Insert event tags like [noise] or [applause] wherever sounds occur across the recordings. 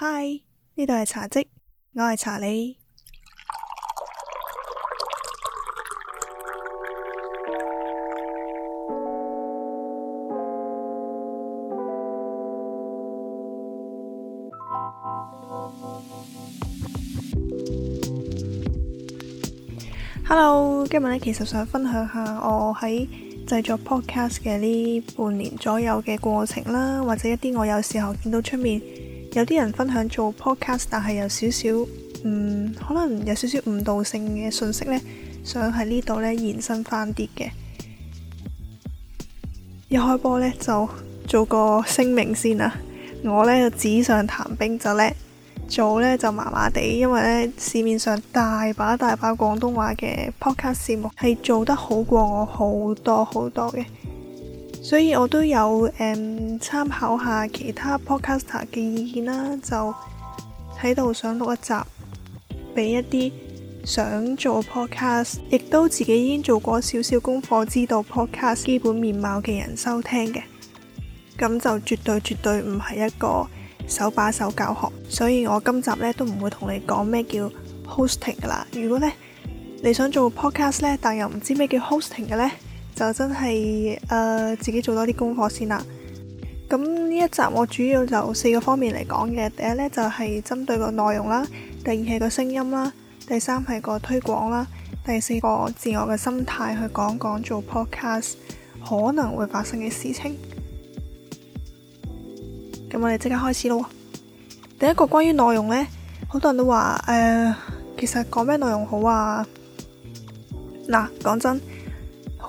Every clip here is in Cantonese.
Hi，呢度係茶迹，我係查理。Hello，今日呢，其實想分享下我喺製作 podcast 嘅呢半年左右嘅過程啦，或者一啲我有時候見到出面。有啲人分享做 podcast，但係有少少，嗯，可能有少少誤導性嘅信息咧，想喺呢度咧延伸翻啲嘅。一開波咧就做個聲明先啦。我咧就紙上談兵就叻，做咧就麻麻地，因為咧市面上大把大把廣東話嘅 podcast 節目係做得好過我好多好多嘅。所以我都有誒、嗯、參考下其他 podcaster 嘅意見啦，就喺度想錄一集俾一啲想做 podcast，亦都自己已經做過少少功課，知道 podcast 基本面貌嘅人收聽嘅。咁就絕對絕對唔係一個手把手教學，所以我今集呢都唔會同你講咩叫 hosting 㗎啦。如果呢，你想做 podcast 呢，但又唔知咩叫 hosting 嘅呢，就真係誒、呃，自己做多啲功課先啦。咁呢一集我主要就四個方面嚟講嘅。第一呢，就係、是、針對個內容啦，第二係個聲音啦，第三係個推廣啦，第四個自我嘅心態去講講做 podcast 可能會發生嘅事情。咁我哋即刻開始咯。第一個關於內容呢，好多人都話誒、呃，其實講咩內容好啊？嗱，講真。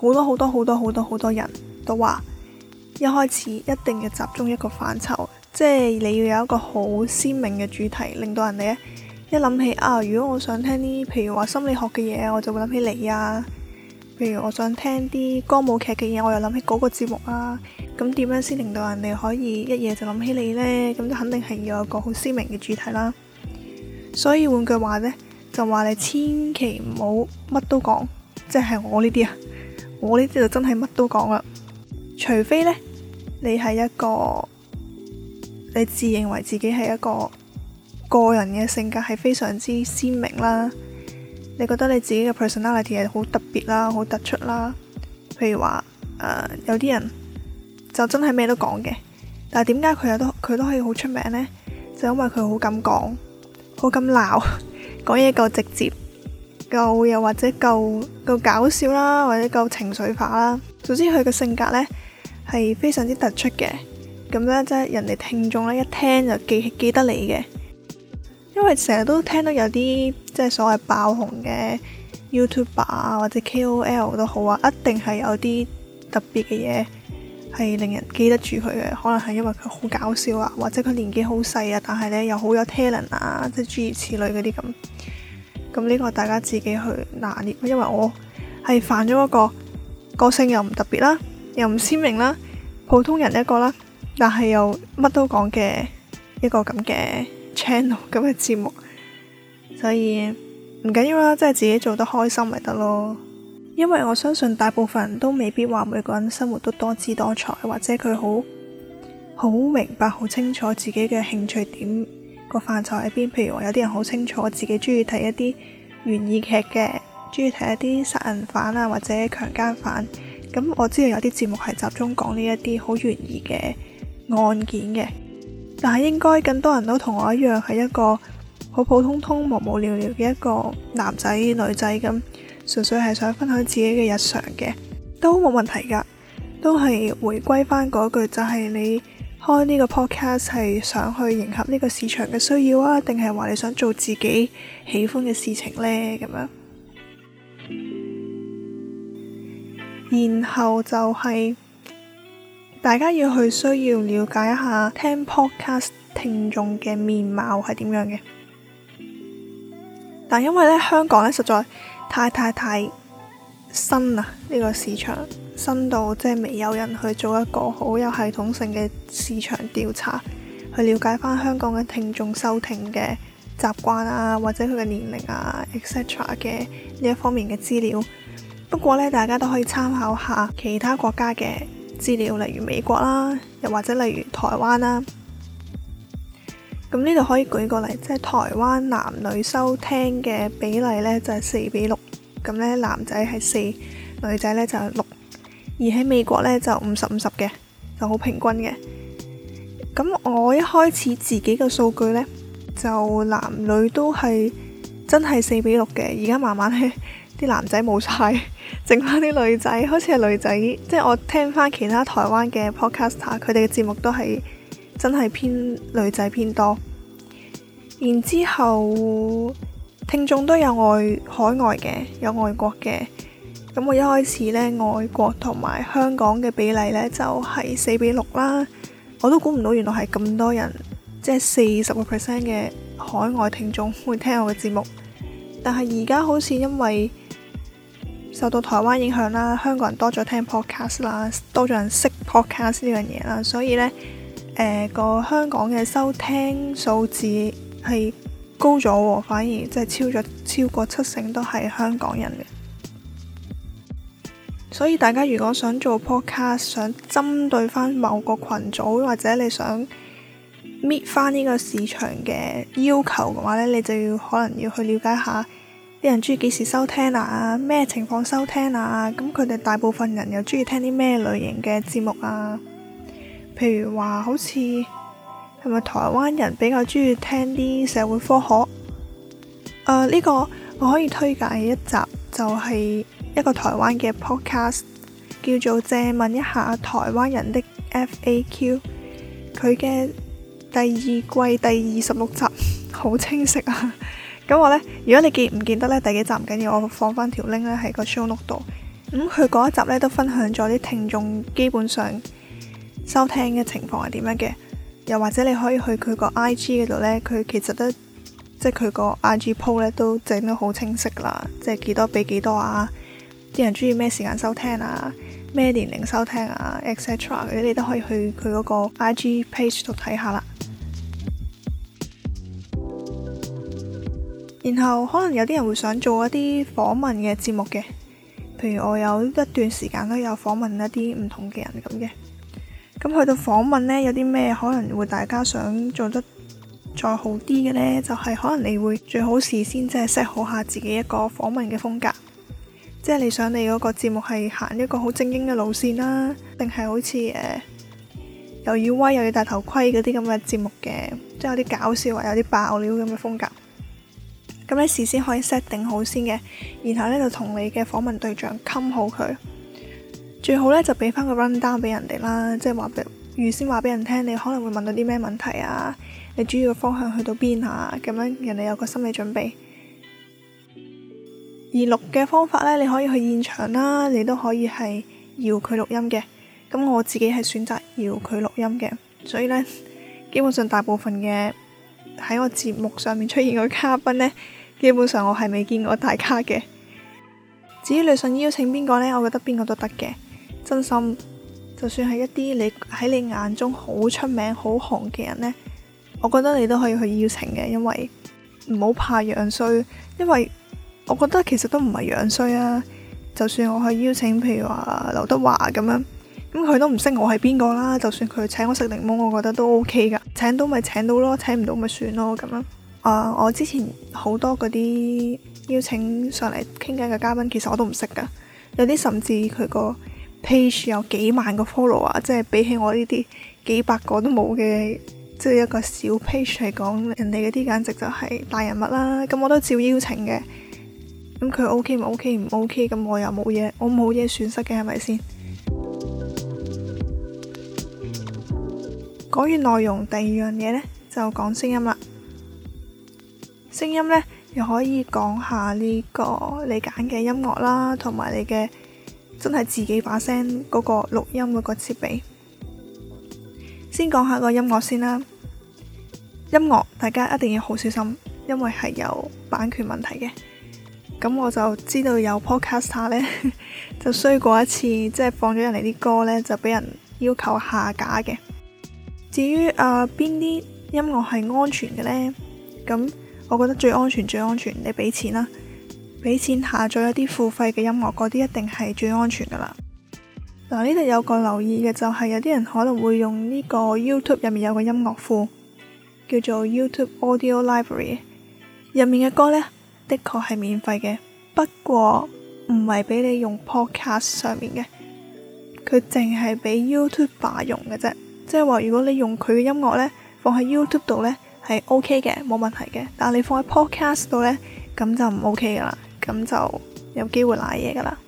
好多好多好多好多好多人都話，一開始一定要集中一個範疇，即係你要有一個好鮮明嘅主題，令到人哋一諗起啊。如果我想聽啲譬如話心理學嘅嘢，我就會諗起你啊。譬如我想聽啲歌舞劇嘅嘢，我又諗起嗰個節目啊。咁點樣先令到人哋可以一嘢就諗起你呢？咁就肯定係要有一個好鮮明嘅主題啦。所以換句話呢，就話你千祈唔好乜都講，即係我呢啲啊。我呢啲就真係乜都講啦，除非咧你係一個你自認為自己係一個個人嘅性格係非常之鮮明啦，你覺得你自己嘅 personality 係好特別啦、好突出啦，譬如話誒、呃、有啲人就真係咩都講嘅，但係點解佢有都佢都可以好出名咧？就因為佢好敢講，好敢鬧，講嘢夠直接。夠又或者夠夠搞笑啦，或者夠情緒化啦，總之佢嘅性格呢係非常之突出嘅。咁呢即係人哋聽眾呢一聽就記記得你嘅，因為成日都聽到有啲即係所謂爆紅嘅 YouTuber 啊或者 KOL 都好啊，一定係有啲特別嘅嘢係令人記得住佢嘅。可能係因為佢好搞笑啊，或者佢年紀好細啊，但係呢又好有 talent 啊，即係諸如此類嗰啲咁。咁呢個大家自己去拿捏，因為我係犯咗一個個性又唔特別啦，又唔鮮明啦，普通人一個啦，但係又乜都講嘅一個咁嘅 channel 咁嘅節目，所以唔緊要啦，即係自己做得開心咪得咯。因為我相信大部分人都未必話每個人生活都多姿多彩，或者佢好好明白好清楚自己嘅興趣點。個範疇喺邊？譬如話有啲人好清楚我自己中意睇一啲懸疑劇嘅，中意睇一啲殺人犯啊或者強姦犯，咁我知道有啲節目係集中講呢一啲好懸疑嘅案件嘅。但係應該更多人都同我一樣，係一個好普通通、無無聊聊嘅一個男仔女仔咁，純粹係想分享自己嘅日常嘅，都冇問題噶，都係回歸翻嗰句就係你開呢個 podcast 係想去迎合呢個市場嘅需要啊，定係話你想做自己喜歡嘅事情呢？咁樣，然後就係大家要去需要了解一下聽 podcast 聽眾嘅面貌係點樣嘅。但因為咧香港咧實在太太太新喇，呢個市場。深度即係未有人去做一個好有系統性嘅市場調查，去了解翻香港嘅聽眾收聽嘅習慣啊，或者佢嘅年齡啊，etc 嘅呢一方面嘅資料。不過咧，大家都可以參考下其他國家嘅資料，例如美國啦、啊，又或者例如台灣啦、啊。咁呢度可以舉個例，即係台灣男女收聽嘅比例咧就係、是、四比六，咁咧男仔係四，女仔咧就係、是、六。而喺美國呢，就五十五十嘅，就好平均嘅。咁我一開始自己嘅數據呢，就男女都係真係四比六嘅，而家慢慢呢啲男仔冇晒，剩翻啲女仔，好似係女仔。即係我聽翻其他台灣嘅 podcaster，佢哋嘅節目都係真係偏女仔偏多。然之後聽眾都有外海外嘅，有外國嘅。咁我一開始呢，外國同埋香港嘅比例呢，就係、是、四比六啦。我都估唔到原來係咁多人，即係四十個 percent 嘅海外聽眾會聽我嘅節目。但係而家好似因為受到台灣影響啦，香港人多咗聽 podcast 啦，多咗人識 podcast 呢樣嘢啦，所以呢，誒、呃、個香港嘅收聽數字係高咗喎、啊，反而即係超咗超過七成都係香港人嘅。所以大家如果想做 podcast，想針對翻某個群組，或者你想 meet 翻呢個市場嘅要求嘅話呢，你就要可能要去了解下啲人中意幾時收聽啊，咩情況收聽啊，咁佢哋大部分人又中意聽啲咩類型嘅節目啊？譬如話好似係咪台灣人比較中意聽啲社會科學？呢、呃呢個我可以推介一集就係、是。一個台灣嘅 podcast 叫做借問一下台灣人的 FAQ，佢嘅第二季第二十六集好清晰啊！咁、 [laughs] 嗯、我呢，如果你記唔記得呢？第幾集唔緊要，我放翻條 link 咧喺個 shownote 度。咁佢嗰一集呢，都分享咗啲聽眾基本上收聽嘅情況係點樣嘅，又或者你可以去佢個 IG 嗰度呢，佢其實都即係佢個 IG post 呢，都整得好清晰啦，即係幾多俾幾多啊？啲人中意咩時間收聽啊，咩年齡收聽啊，etc，嗰啲你都可以去佢嗰個 IG page 度睇下啦。然後可能有啲人會想做一啲訪問嘅節目嘅，譬如我有一段時間都有訪問一啲唔同嘅人咁嘅。咁去到訪問呢，有啲咩可能會大家想做得再好啲嘅呢？就係可能你會最好事先即係 set 好下自己一個訪問嘅風格。即係你想你嗰個節目係行一個好正經嘅路線啦、啊，定係好似誒、呃、又要威又要戴頭盔嗰啲咁嘅節目嘅，即係有啲搞笑啊，或有啲爆料咁嘅風格。咁咧事先可以 set 定好先嘅，然後咧就同你嘅訪問對象 confirm 好佢，最好咧就俾翻個 run down 俾人哋啦，即係話俾預先話俾人聽，你可能會問到啲咩問題啊，你主要嘅方向去到邊啊，咁樣人哋有個心理準備。而錄嘅方法呢，你可以去現場啦，你都可以係搖佢錄音嘅。咁我自己係選擇搖佢錄音嘅，所以呢，基本上大部分嘅喺我節目上面出現嘅嘉賓呢，基本上我係未見過大家嘅。至於你想邀請邊個呢？我覺得邊個都得嘅，真心。就算係一啲你喺你眼中好出名、好紅嘅人呢，我覺得你都可以去邀請嘅，因為唔好怕樣衰，因為。我覺得其實都唔係樣衰啊！就算我去邀請，譬如話劉德華咁樣，咁佢都唔識我係邊個啦。就算佢請我食檸檬，我覺得都 OK 噶。請到咪請到咯，請唔到咪算咯咁樣。啊，uh，我之前好多嗰啲邀請上嚟傾偈嘅嘉賓，其實我都唔識噶。有啲甚至佢個 page 有幾萬個 follow 啊，即係比起我呢啲幾百個都冇嘅，即係一個小 page 嚟講，人哋嗰啲簡直就係大人物啦。咁我都照邀請嘅。咁佢 OK 唔 OK 唔 OK，咁我又冇嘢，我冇嘢損失嘅，係咪先？講完內容，第二樣嘢呢，就講聲音啦。聲音呢，又可以講下呢個你揀嘅音樂啦，同埋你嘅真係自己把聲嗰個錄音嗰個設備。先講下個音樂先啦。音樂大家一定要好小心，因為係有版權問題嘅。咁我就知道有 podcaster 咧， [laughs] 就衰過一次。即、就、係、是，放咗人哋啲歌咧，就俾人要求下架嘅。至於啊，邊、呃、啲音樂係安全嘅呢？咁我覺得最安全最安全，你俾錢啦，俾錢下載一啲付費嘅音樂，嗰啲一定係最安全噶啦。嗱、啊，呢度有個留意嘅就係、是，有啲人可能會用呢個 YouTube 入面有個音樂庫，叫做 YouTube Audio Library，入面嘅歌呢。的確係免費嘅，不過唔係俾你用 Podcast 上面嘅，佢淨係俾 YouTuber 用嘅啫。即係話如果你用佢嘅音樂呢，放喺 YouTube 度呢係 OK 嘅，冇問題嘅。但係你放喺 Podcast 度呢，咁就唔 OK 噶啦，咁就有機會瀨嘢噶啦。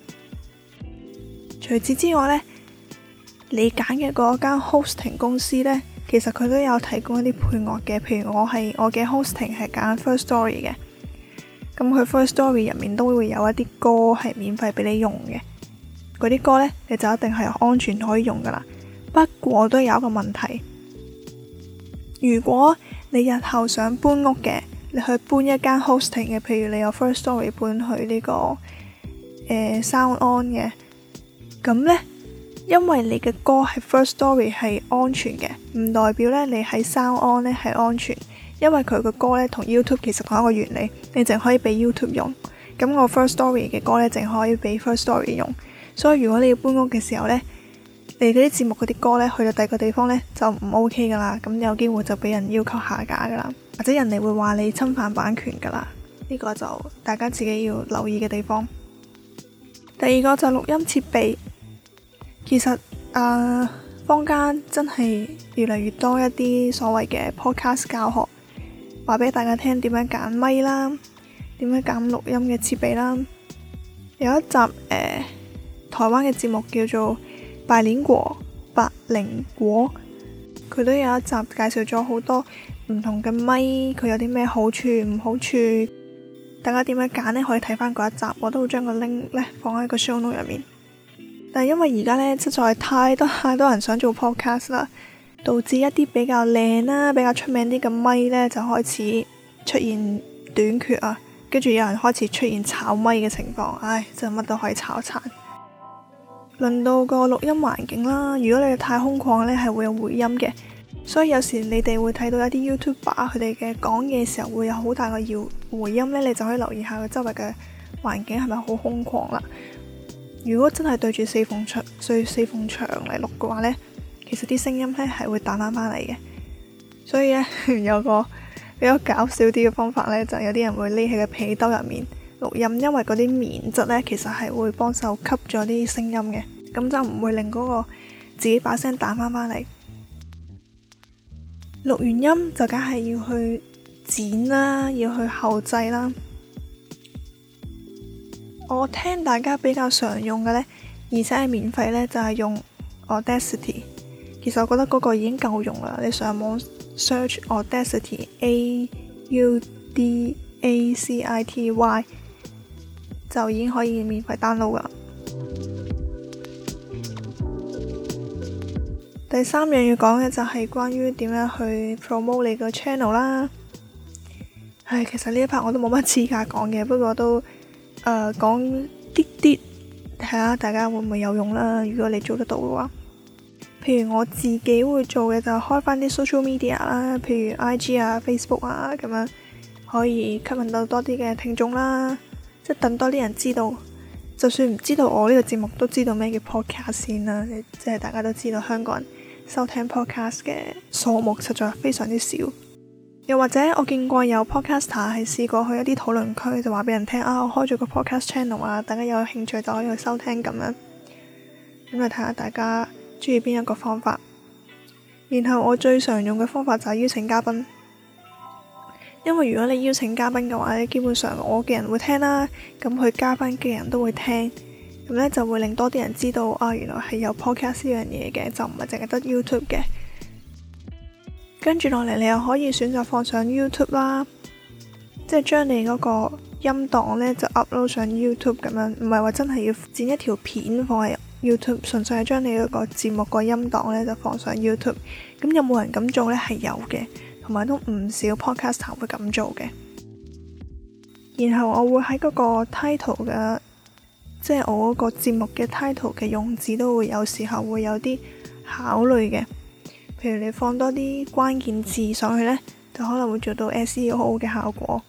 除此之外呢，你揀嘅嗰間 hosting 公司呢，其實佢都有提供一啲配樂嘅，譬如我係我嘅 hosting 係揀 Firstory 嘅。咁佢 Firstory 入面都會有一啲歌係免費俾你用嘅，嗰啲歌呢，你就一定係安全可以用噶啦。不過都有一個問題，如果你日後想搬屋嘅，你去搬一間 hosting 嘅，譬如你有 Firstory 搬去呢、這個、呃、sound on 嘅，咁呢，因為你嘅歌係 Firstory 係安全嘅，唔代表呢你喺 sound on 呢係安全。因為佢個歌呢，同 YouTube 其實同一個原理，你淨可以俾 YouTube 用。咁我 Firstory 嘅歌呢，淨可以俾 Firstory 用。所以如果你要搬屋嘅時候呢，你嗰啲節目嗰啲歌呢，去到第二個地方呢，就唔 OK 噶啦。咁有機會就俾人要求下架噶啦，或者人哋會話你侵犯版權噶啦。呢個就大家自己要留意嘅地方。第二個就錄音設備，其實啊、呃，坊間真係越嚟越多一啲所謂嘅 Podcast 教學。話俾大家聽點樣揀咪啦，點樣揀錄音嘅設備啦。有一集誒、呃、台灣嘅節目叫做《百靈果百靈果》，佢都有一集介紹咗好多唔同嘅咪。佢有啲咩好處唔好處，大家點樣揀呢？可以睇翻嗰一集，我都會將個 link 放喺個 show note 入面。但係因為而家呢，實在太多太多人想做 podcast 啦。導致一啲比較靚啦、啊、比較出名啲嘅咪呢，就開始出現短缺啊！跟住有人開始出現炒咪嘅情況，唉，真係乜都可以炒殘。輪到個錄音環境啦，如果你太空曠呢，係會有回音嘅，所以有時你哋會睇到一啲 YouTuber 啊，佢哋嘅講嘢時候會有好大個搖回音呢，你就可以留意下佢周圍嘅環境係咪好空曠啦。如果真係對住四縫牆，對四縫牆嚟錄嘅話呢。其實啲聲音咧係會彈翻返嚟嘅，所以咧 [laughs] 有個比較搞笑啲嘅方法咧，就係有啲人會匿喺個被兜入面錄音，因為嗰啲棉質咧其實係會幫手吸咗啲聲音嘅，咁就唔會令嗰個自己把聲彈翻返嚟。錄完音就梗係要去剪啦，要去後製啦。我聽大家比較常用嘅咧，而且係免費咧，就係用 Audacity。其實我覺得嗰個已經夠用啦，你上網 search Audacity，A U D A C I T Y 就已經可以免費 download 啦。 [noise] 第三樣要講嘅就係關於點樣去 promote 你個 channel 啦。唉，其實呢一 part 我都冇乜資格講嘅，不過都誒講啲啲，睇、呃、下大家會唔會有用啦。如果你做得到嘅話。譬如我自己會做嘅就開翻啲 social media 啦，譬如 IG 啊、Facebook 啊咁樣，可以吸引到多啲嘅聽眾啦。即等多啲人知道，就算唔知道我呢個節目，都知道咩叫 podcast 先啦。即係大家都知道，香港人收聽 podcast 嘅數目實在非常之少。又或者我見過有 podcaster 係試過去一啲討論區就話俾人聽啊，我開咗個 podcast channel 啊，大家有興趣就可以去收聽咁樣。咁嚟睇下大家中意邊一個方法？然後我最常用嘅方法就係邀請嘉賓，因為如果你邀請嘉賓嘅話咧，基本上我嘅人會聽啦，咁佢嘉賓嘅人都會聽，咁咧就會令多啲人知道啊，原來係有 podcast 呢樣嘢嘅，就唔係淨係得 YouTube 嘅。跟住落嚟，你又可以選擇放上 YouTube 啦，即係將你嗰個音檔咧就 upload 上 YouTube 咁樣，唔係話真係要剪一條片放喺。YouTube 純粹係將你嗰個節目個音檔咧，就放上 YouTube。咁有冇人咁做呢？係有嘅，同埋都唔少 Podcaster 會咁做嘅。然後我會喺嗰個 title 嘅，即係我嗰個節目嘅 title 嘅用字都會有時候會有啲考慮嘅。譬如你放多啲關鍵字上去呢，就可能會做到 SEO 嘅效果。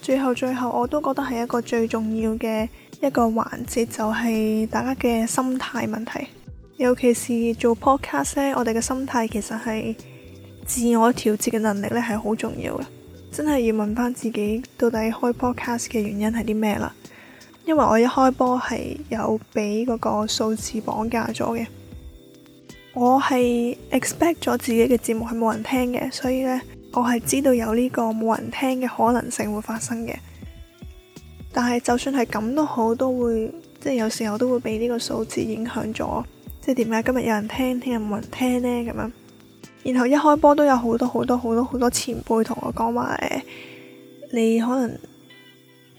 最後最後，我都覺得係一個最重要嘅。一個環節就係大家嘅心態問題，尤其是做 podcast 咧，我哋嘅心態其實係自我調節嘅能力呢係好重要嘅，真係要問翻自己到底開 podcast 嘅原因係啲咩啦？因為我一開波係有俾嗰個數字綁架咗嘅，我係 expect 咗自己嘅節目係冇人聽嘅，所以呢，我係知道有呢個冇人聽嘅可能性會發生嘅。但係就算係咁都好，都會即係有時候都會俾呢個數字影響咗，即係點解今日有人聽，聽日冇人聽呢？咁樣。然後一開波都有好多好多好多好多前輩同我講話誒、哎，你可能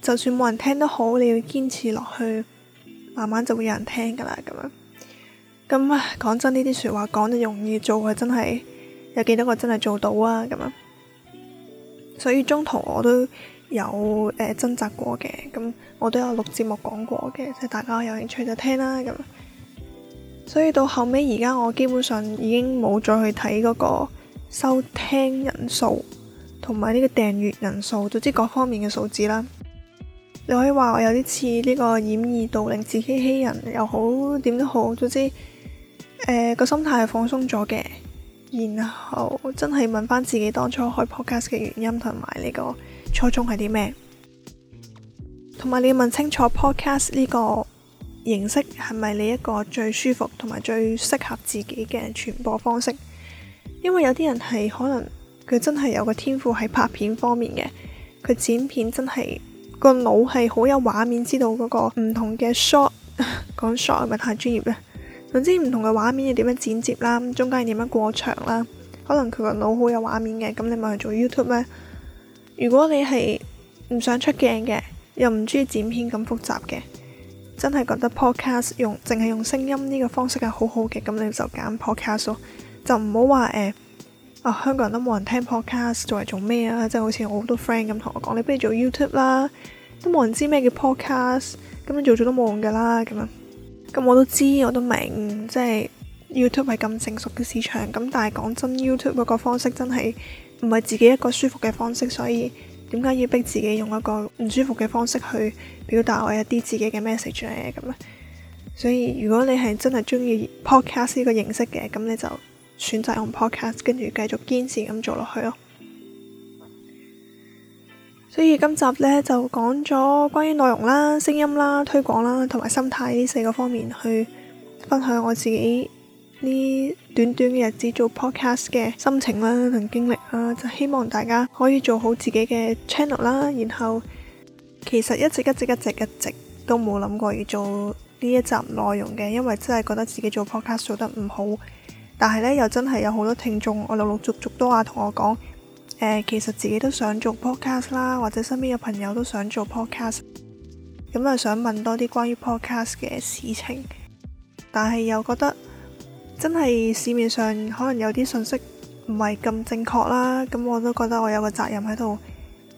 就算冇人聽都好，你要堅持落去，慢慢就會有人聽噶啦咁樣。咁啊，講真呢啲說話講得容易做嘅，真係有幾多個真係做到啊咁樣。所以中途我都，有誒、呃、掙扎過嘅，咁我都有錄節目講過嘅，即係大家有興趣就聽啦。咁所以到後尾而家，我基本上已經冇再去睇嗰個收聽人數同埋呢個訂閱人數，總之各方面嘅數字啦。你可以話我有啲似呢個掩耳盜鈴、自欺欺人又好，點都好，總之誒個心態係放鬆咗嘅。然後真係問翻自己當初開 podcast 嘅原因同埋呢個初衷係啲咩？同埋你要問清楚 podcast 呢個形式係咪你一個最舒服同埋最適合自己嘅傳播方式？因為有啲人係可能佢真係有個天賦喺拍片方面嘅，佢剪片真係個腦係好有畫面，知道嗰個唔同嘅 shot，講 [laughs] shot 係咪太專業咧。總之唔同嘅畫面要點樣剪接啦，中間係點樣過場啦，可能佢個腦好有畫面嘅，咁你咪去做 YouTube 咩？如果你係唔想出鏡嘅，又唔中意剪片咁複雜嘅，真係覺得 podcast 用淨係用聲音呢個方式係好好嘅，咁你就揀 podcast 咯，就唔好話誒，啊香港人都冇人聽 podcast，做嚟做咩啊？即係好似我好多 friend 咁同我講，你不如做 YouTube 啦，都冇人知咩叫 podcast，咁你做咗都冇用噶啦，咁樣，咁我都知，我都明，即係 YouTube 係咁成熟嘅市場，咁但係講真，YouTube 嗰個方式真係。唔係自己一個舒服嘅方式，所以點解要逼自己用一個唔舒服嘅方式去表達我一啲自己嘅 message 呢咁呢？所以如果你係真係鍾意 podcast 呢個形式嘅，咁你就選擇用 podcast，跟住繼續堅持咁做落去咯。所以今集呢，就講咗關於內容啦、聲音啦、推廣啦同埋心態呢四個方面去分享我自己。呢短短嘅日子做 podcast 嘅心情啦，同經歷啦、啊，就希望大家可以做好自己嘅 channel 啦。然後其實一直一直一直一直都冇諗過要做呢一集內容嘅，因為真係覺得自己做 podcast 做得唔好。但係呢，又真係有好多聽眾，我陸陸續續都話同我講，誒其實自己都想做 podcast 啦，或者身邊嘅朋友都想做 podcast，咁、嗯、啊想問多啲關於 podcast 嘅事情，但係又覺得。真係市面上可能有啲信息唔係咁正確啦，咁我都覺得我有個責任喺度，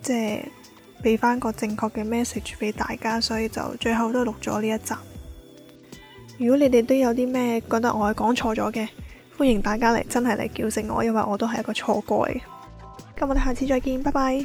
即係俾翻個正確嘅 message 俾大家，所以就最後都錄咗呢一集。如果你哋都有啲咩覺得我係講錯咗嘅，歡迎大家嚟真係嚟叫醒我，因為我都係一個錯過嚟。咁我哋下次再見，拜拜。